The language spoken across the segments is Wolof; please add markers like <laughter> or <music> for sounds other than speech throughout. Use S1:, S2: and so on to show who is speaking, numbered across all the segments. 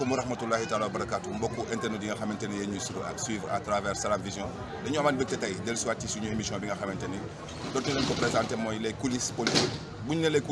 S1: asalaamaaleykum wa rahmatullahi taala wa barakaatu mbokku internet yi nga xamante ne yéen ñuy suivre à travers Salam Vision dañu amaat mbégte tey dellusiwaat ci suñu émission bi nga xamante ni dootu leen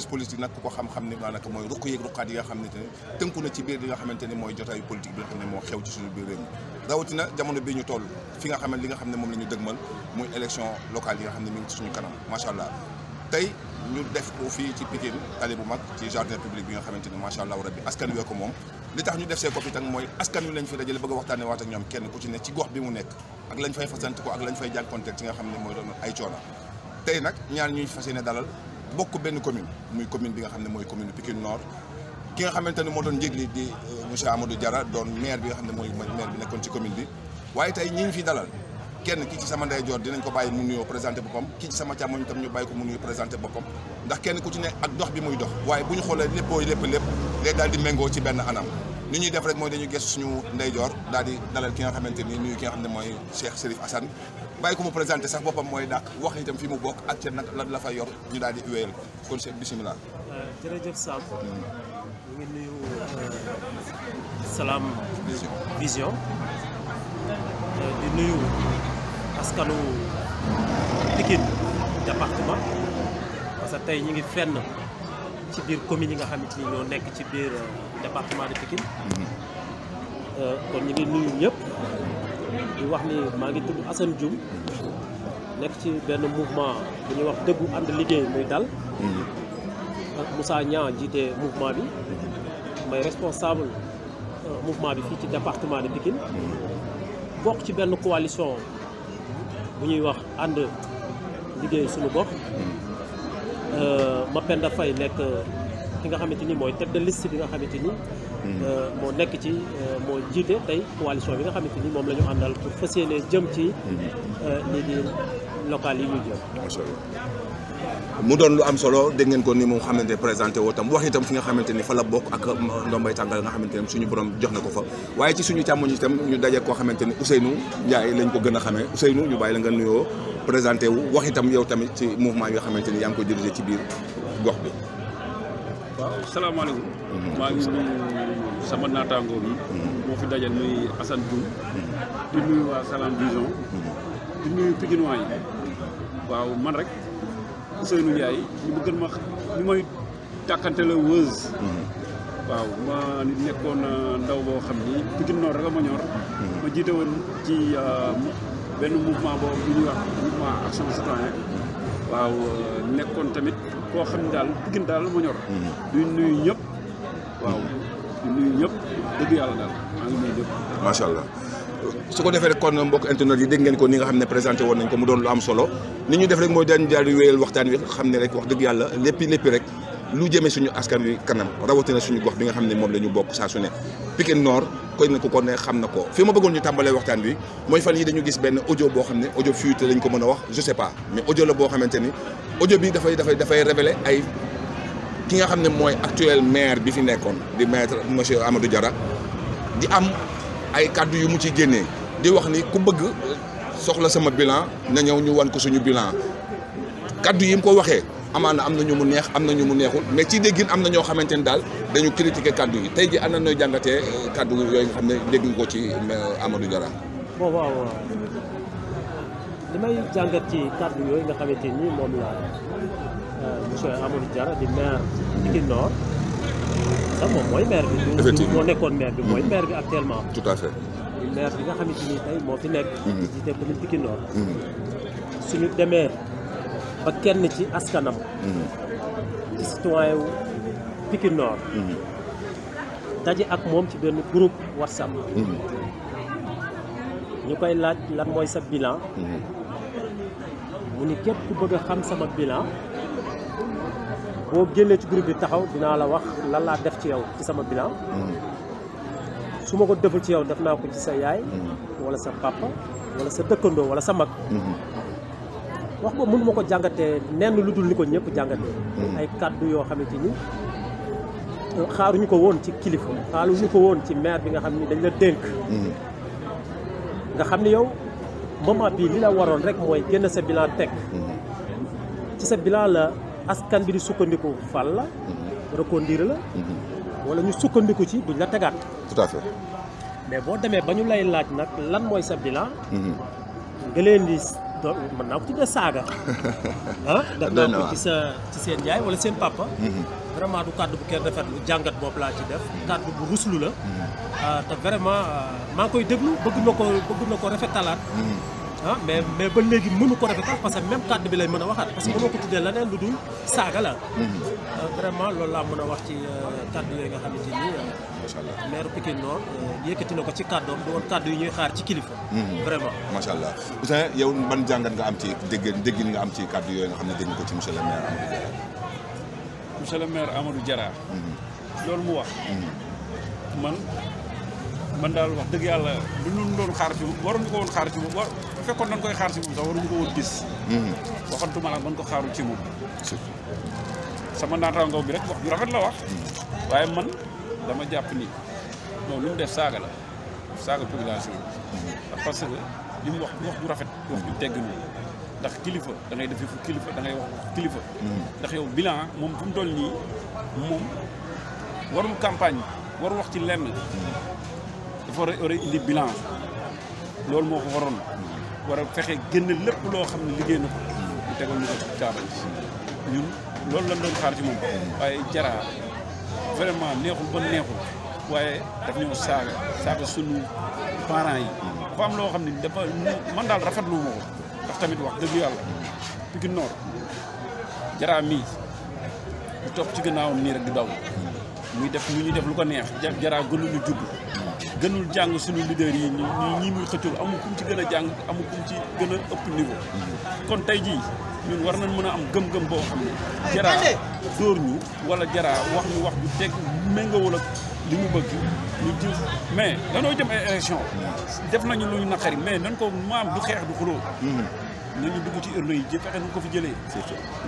S1: xam-xam ni maanaam mooy ruq yeeg ruqaat yi nga xamante ne tënku na ci biir li nga xamante ni mooy jotaayu politique bi nga xam ne moo xew ci suñu biir réew mi rawatina jamono bii ñu toll fi nga xam ne li nga xam ne moom la ñu dëgmal muy élection locale yi nga xam ne mi ngi ci suñu kanam macha allah tey ñu def ko fii ci Pikine tali macha allah rabbi askan wee ko moom li tax ñu def see COPITAG mooy askan wi lañ fi dajale bëgg a waxtaanee waat ak ñoom kenn ku ci ne ci gox bi mu nekk ak lañ fay fasante ko ak lañ fay jànkonteel ci nga xam ne mooy doon ay coono tey nag ñaar ñuy fas yéene dalal bokk benn commune muy commune bi nga xam ne mooy commune Pikine Nord ki nga xamante ne moo doon njégli di euh, monsieur Amadou Diarra doon maire bi nga xam ne mooy maire bi nekkoon ci commune bi waaye tey ñi ñu fi dalal kenn kii ci sama ndeyjoor dinañ ko bàyyi mu nuyoo présenté boppam ki ci sama càmmoñ tam ñu bàyyi ko mu nuyoo présenté boppam ndax kenn ku ci ne ak dox bi muy dox waaye bu ñu xoolee léppoo lépp lépp léegi daal di méngoo ci benn anam ni ñuy def rek mooy dañuy gëstu suñu ndeyjoor daal di dalal ki nga xamante ni nuyu ki nga xam ne mooy Cheikh Serif Assane bàyyi ko mu présenté sax boppam mooy dàq wax tam fi mu bokk ak ca nag lan la fa yor ñu daal di wéyal ko kon Cheikh bisimilah.
S2: Euh, jërëjëf Samb. Hmm. ñu ngi nuyu euh,
S1: Salam Vision euh,
S2: di nuyu. askanu Pikine département parce que tey ñi ngi fenn ci biir commune yi nga xamante ni ñoo nekk ci biir euh, département de Pikine euh, kon ñu ngi nuyu ñëpp di wax ni maa ngi tudd Assane Dioum nekk ci benn mouvement bu ñuy wax dëggu ànd liggéey muy dal ak Moussa Niang jiite mouvement bi may responsable euh, mouvement bi fii ci département de Pikine bokk ci benn coalition bu ñuy wax ànd liggéey suñu bopp euh, Mapenda Faye nekk euh, ki nga xamante ni mooy tête de bi nga xamante ni hmm. euh, moo nekk ci moo jiite tey coalition bi nga xamante ni moom la ñu àndal pour fas ne jëm ci hmm. lii di local yi ñu jëm
S1: mu doon lu am solo dégg ngeen ko ni moom xamante présenté woo tam wax itam fi nga xamante ni fa la bokk ak ndombay tàngal nga xamante ni suñu borom jox na ko fa waaye ci suñu càmmoñ itam ñu daje koo xamante ni Ousseynou Ndiaye lañ ko gën a xamee Ousseynou ñu bàyyi la nga nuyoo présenté wu wax itam yow tamit ci mouvement yoo xamante ni yaa ngi ko dirigé
S3: ci biir gox bi waaw salaamaaleykum mhm. maa sama naataango bi mhm. moo fi dajal muy assan Dioum mhm. di nuyu waa Salam Vision di nuyu Pikinois yi waaw man rek Ousseynou Ndiaye ñu gën ma ñu may tàkkante la wëz waaw ma nekkoon euh, ndaw boo xam ni Pikine Nord rek a ma hmm. ma jiite woon ci euh, benn mouvement boobu bu ñuy wax mouvement action citoyen waaw euh, nekkoon tamit koo xam ne daal Pikine daal ma ñor hmm. du nuyu ñëpp waaw du nuyu ñëpp dëgg yàlla daal maa ngi nuyu ñëpp macha allah su ko defee rek kon
S1: mbokk internet yi dégg ngeen ko ni nga xam ne présenté woon nañ ko mu doon lu am solo ni ñu def rek mooy dañu daal di wéyal waxtaan wi xam ne rek wax dëgg yàlla léppi léppi rek lu jëmee suñu askan wi kanam rawatina suñu gox bi nga xam ne moom la ñu bokk saa su ne Pikine Nord koy na ko ko ne xam na ko fi ma bëggoon ñu tàmbalee waxtaan bi mooy fan yi dañu gis benn audio boo xam ne ojo fuité lañ ko mën a wax je sais mais audio la boo xamante ni audio bi dafay dafay dafay révélé ay ki nga xam ne mooy actuel maire bi fi nekkoon di maître monsieur Amadou Diarra di ay kàddu yu mu ci génnee di wax ni ku bëgg soxla sama bilan na ñëw ñu wan ko suñu bilan kàddu yi mu ko waxee amaana am na ñu mu neex am na ñu mu neexul mais ci déggin am na ñoo xamante ni daal dañu critiquer kàddu yi tey ji ana nooy jàngatee euh, kàddu yooyu nga xam ne dégg nga ko ci euh, Amadou jara
S2: bon waaw li may euh, di maire sax mooy maire bi. effectivement moo nekkoon meer bi mooy meer bi actuellement. tout à fait. meer bi nga xamante ni tey moo fi nekk. Mm-hmm. jiite commune Pikine Nord. Mm-hmm. suñu demee ba kenn ci askanam. ci mm-hmm. citoyen daje ak moom ci benn groupe WhatsApp. ñu koy laaj lan mooy sa bilan. mu ni képp ku bëgg xam sama bilan. boo génnee ci groupe bi taxaw dinaa la wax lan laa def ci yow ci sama bilan mm-hmm. su ma ko deful ci yow def naa ko ci sa yaay mm-hmm. wala sa papa wala sa dëkkandoo wala sa mag mm-hmm. wax ko mënuma ko jàngatee nenn lu dul ni ko ñëpp jàngatee ay kàddu yoo xamante ni xaaruñu ko woon ci kilifa xaaruñu ko woon ci maire bi nga xam ni dañ la dénk nga xam ni yow moment bii li la waroon rek mooy génn sa bilan teg ci sa bilan la askan bi di sukkandiku fal la. Mhm. reconduire la. Mhm. wala ñu sukkandiku ci duñ la tegaat. tout à fait. mais boo demee ba ñu lay laaj nag lan mooy sa bilan. Mhm. nga leen di doon mën naa ko tuddee saaga.
S1: <laughs>
S2: ah def naa ko ci sa ci seen yaay wala seen papa. vraiment du kàddu bu kenn rafetlu jàngat boobu laa ci def. kàddu bu ruslu la. Ah, te vraiment ah, maa koy déglu bëgg na ko bëgg na ko rafetalaat. ah mais mais ba léegi mënu ko rafetal parce que même kàddu bi lay mën a waxaat parce que mënoo ko tuddee leneen lu dul saaga la. Mm-hmm. Ah, vraiment loolu laa mën wax ci euh, kàddu yooyu nga xamante ni. Euh, maire Pikine Nord euh, yëkkati na ko ci kàddoom du woon kàddu yi ñuy xaar ci kilifa. Mm-hmm. vraiment
S1: macha allah Ousseyn yow ban jàngat nga am ci dégg déggin nga am ci kàddu yooyu nga xam ne dégg ko ci monsieur le
S3: maire Amadou Diarra. monsieur mm-hmm. loolu mu wax. man. man daal wax dëgg yàlla lu ñu doon xaar ci moom waruñu ko woon xaar ci moom war bu fekkoon dañ koy xaar ci moom sax waruñu ko woon hmm. ci moom. sama naataangoo bi rek wax ju rafet la wax. Hmm. waaye man dama jàpp ni loolu lu mu def saaga la saaga population bi. Hmm. parce que li mu wax wax ju rafet wax bi tegg nii ndax kilifa da ngay def fu kilifa da ngay wax kilifa. ndax yow bilan moom fu mu toll nii moom warul campagne waru wax ci lenn. dafa war a war loolu moo ko waroon war a fexe génn lépp loo xam ne liggéey na ko mu tegal ñu ko caabal ñun loolu lañ doon xaar ci moom waaye jaraa vraiment neexul ba neexul waaye daf ñoo saaga saaga sunu parents yi dafa loo xam ne dafa man daal rafetlu ma ko ndax tamit wax dëgg yàlla Pikine Nord jaraa mii ñu topp ci gannaawam mii rek di daw muy def lu ñuy def lu ko neex jaraa gënuñu judd gënul jàng suñu leader yi ñu ñii muy xëccoo amul kum ci gën a jàng amul kum ci gën a ëpp niveau. kon tey jii ñun war nañ mën a am gëm-gëm boo xam ne. jaraa dóor ñu wala jaraa wax ñu wax ju teg méngawul ak li mu bëgg ñu ji mais danoo jëm ay élection def nañu lu ñu naqari mais nan ko maam du xeex du xuloo. nañu dugg ci urne yi ji fexe nu ko fi jëlee.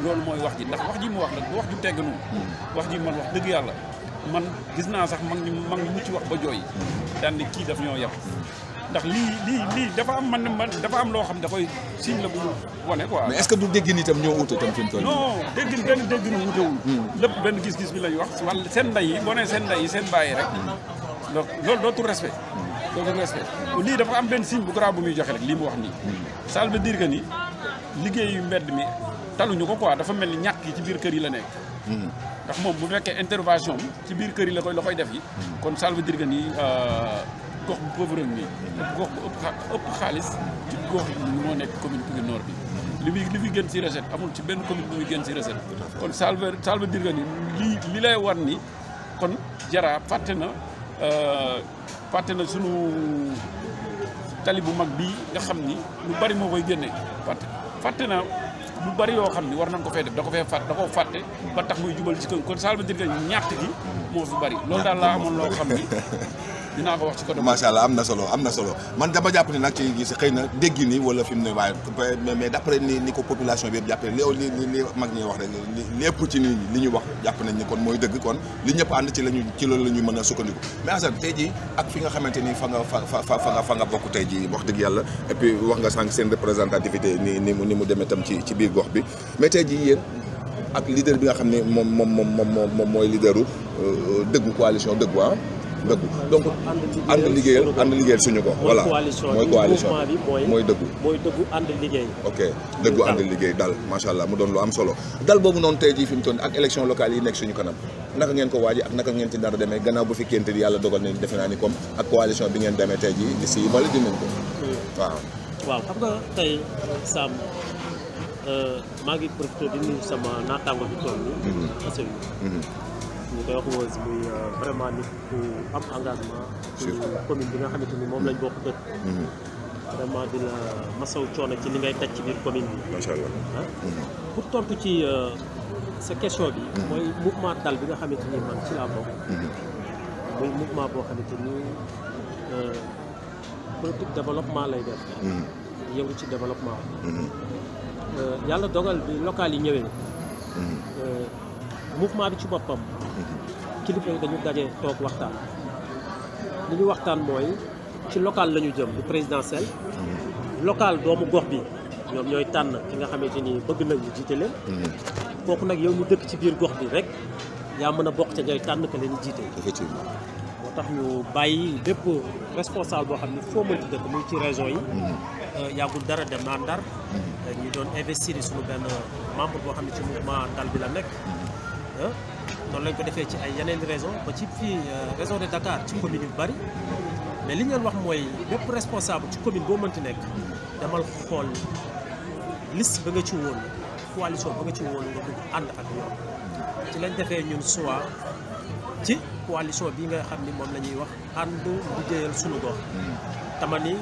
S3: loolu mooy wax ji ndax wax ji mu wax nag bu wax ju tegg noonu. Hmm. wax ji man wax dëgg yàlla. man gis naa sax mag ñu mag ñu ci wax ba jooy daan ne kii daf ñoo yab ndax lii lii lii dafa am man man dafa am loo xam da koy signe la bu wane quoi. mais est-ce
S1: du déggin itam tam fi mu toll non
S3: déggin benn déggin wutewul. Hmm. lépp benn gis-gis bi lañ wax. wala seen ndey yi boo seen ndey yi seen bàyyi rek. Hmm. donc loolu dootul respect. Hmm. dootul respect lii dafa am benn signe bu grave bu muy joxe rek lii mu wax nii. ça veut dire que ni liggéeyu mbedd mi ñu ko quoi dafa mel ni ñàkk yi ci biir kër yi la nekk. ndax moom bu fekkee intervention bi ci biir kër yi la koy la koy def yi kon ça veut dire que ni euh, gox bu pauvre nii gox bu ëpp xaalis ci gox yi moo nekk commune Pikine Nord bi li muy li muy gën ci recette amul ci benn commune bu muy gën ci recette kon ça veut ça veut dire que ni li li lay war ni kon Jara fàtte na euh, fàtte na sunu tali bu mag bi nga xam ni lu bari moo koy génnee fàtte fàtte na lu bari yoo xam ni war nañ ko fee def da ko fee fàtt da ko fàtte ba tax muy jubal ci kër kon ça veut dire que ñàkk gi moo fi bari loolu daal laa amoon loo xam ni <laughs> dinaa ko wax ci côté macha
S1: allah am na solo am na solo man dama jàpp ne nag ci gis xëy na dégg ni wala fi mu ne waaye mais d' après ni ni ko population bi yëpp jàppee li li li mag ñi wax rek li ëpp ci kon mooy dëgg kon li ñëpp ànd ci lañu loolu la ñu mën a sukkandiku mais Assane tey jii ak fi nga xamante ni fa nga fa fa fa nga bokk tey jii wax dëgg yàlla et puis wax nga sànq seen représentativité ni ni mu ni mu demee tam ci ci biir gox bi mais tey jii yéen ak leader bi nga xam ne moom moom moom moom mooy leaderu euh, dëggu coalition dëggu ah dëggu donc
S2: ànd liggéeyal ànd
S1: liggéeyal suñu ko voilà mooy coalition mooy dëggu mooy
S2: dëggu ànd liggéey
S1: ok dëggu ànd liggéey dal macha allah mu doon lu am solo dal boobu noonu tey jii fi mu toll ak élection locale yi nekk suñu kanam naka ngeen ko waaji ak naka ngeen ci dara demee gannaaw bu fi kénte di yàlla dogal ne defe naa ni comme ak coalition bi ngeen demee tey jii di si wala dinañ ko hmm. waaw
S2: waaw xam ñu koy wax Weuz muy euh, vraiment nit ku am engagement. surtout commune bi nga xamante ni moom lañ bokk dëkk. Mhm. vraiment di la masaw coono ci li ngay taj ci biir commune bi. Ah. Mhm. pour tontu ci euh, sa question bi. Mhm. mooy mouvement dal bi nga xamante ni man ci laa bokk. muy mouvement boo xamante ni euh, politique développement lay def. yëngu ci développement. yàlla dogal bi local yi ñëwee. mouvement bi ci boppam kilifa yi dañu daje toog waxtaan li ñu waxtaan mooy ci local la ñu jëm du présidentiel local doomu gox bi ñoom ñooy tànn ki nga xamante ni bëgg nañu jiite leen kooku nag yow ñu dëkk ci biir gox bi rek yaa mën a bokk ca ñooy tànn ka leen jiite moo tax ñu bàyyi bépp responsable boo xam ne foo mënti dëkk muy ci région yi mm-hmm. yàggul dara dem naa Ndar mm-hmm. ñu doon investir yi suñu benn membre boo xam ne ci mouvement dal bi la nekk mm-hmm. noonu lañ ko defee ci ay yeneen raison ba ci fii euh, région de Dakar ci commune yu bari mais li ngeen wax mooy bépp responsable ci commune boo mënti nekk demal xool list ba nga ci woon coalition ba nga ci woon nga dugg ànd ak ñoom ci lañ defee ñun soit ci coalition bi nga xam ni moom la ñuy wax ànd liggéeyal sunu gox. tama ni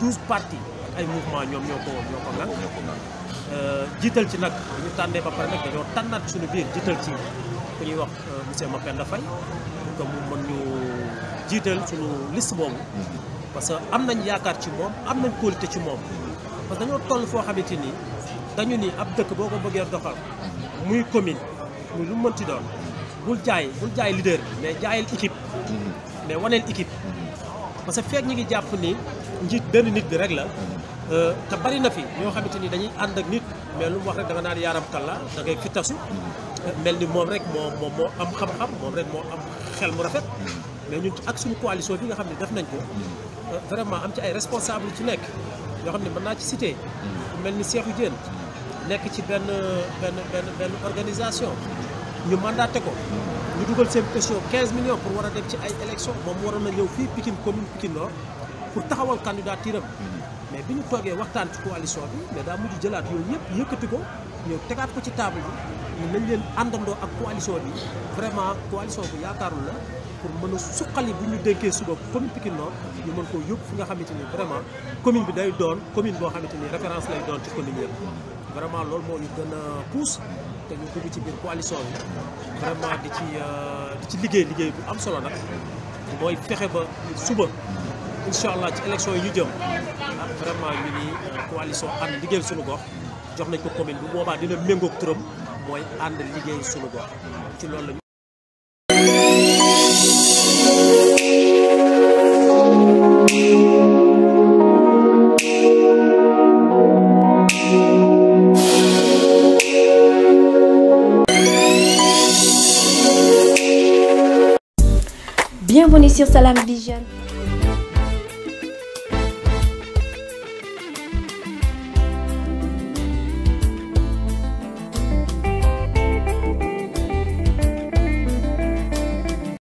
S2: douze partis ay mouvement ñoom ñoo ko ñoo Euh, jiital ci nag bu ñu tànnee ba pare nag dañoo tànnaat suñu biir jiital ci ku ñuy wax euh, monsieur Mapenda Faye pour que mu mën ñu jiital suñu liste boobu parce que am nañ yaakaar ci moom am nañ qualité ci moom parce que dañoo toll foo xamante ni dañu ni ab dëkk boo ko bëggee doxal muy commune muy lu mënti doon bul jaay bul jaay leader bi mais jaayal équipe mais waneel équipe parce que feek ñi ngi jàpp ni njiit benn nit bi rek la Euh, te bari na fi ñoo xamante ni dañuy ànd ak nit mais lu mu wax rek da nga naan yaaram kàlla da ngay fi tasu mel ni moom rek moo moom moo am xam-xam moom rek moo am xel mu rafet mais ñun ak suñu coalition bi nga xam ne def nañ ko euh, vraiment am ci ay responsable ci nekk yoo xam ne mën naa ci cité mel ni Cheikhou Diène nekk ci benn benn benn benn organisation ñu te ko ñu dugal seen question 15 millions pour war a dem ci ay élection moom waroon na ñëw fii Pikine commune Pikine Nord pour taxawal candidature am mhm. mais bi ñu toogee waxtaan ci coalition bi mais daa mujj jëlaat yooyu yëpp yëkkati ko ñëw tegaat ko ci table bi nañ leen àndandoo ak coalition bi vraiment coalition bu yaakaarul la pour mën a suqali bu ñu dénkee suba commune Pikine Nord ñu mën koo yóbbu fi nga xamante ni vraiment commune bi day doon commune boo xamante ni référence lay doon ci commune yëpp vraiment loolu moo ñu gën a pousse te ñu dugg ci biir coalition bi vraiment di ci euh, di ci liggéey liggéey bu am solo nag mooy fexe ba suba incha allah ci élection yi ñu jëm ah ni euh, coalition ànd liggéey suñu gox jox nañ ko commune bu boobaa dina méngoog turam mooy ànd liggéey suñu gox ci loolu lañu
S1: Bienvenue sur Salam Vision.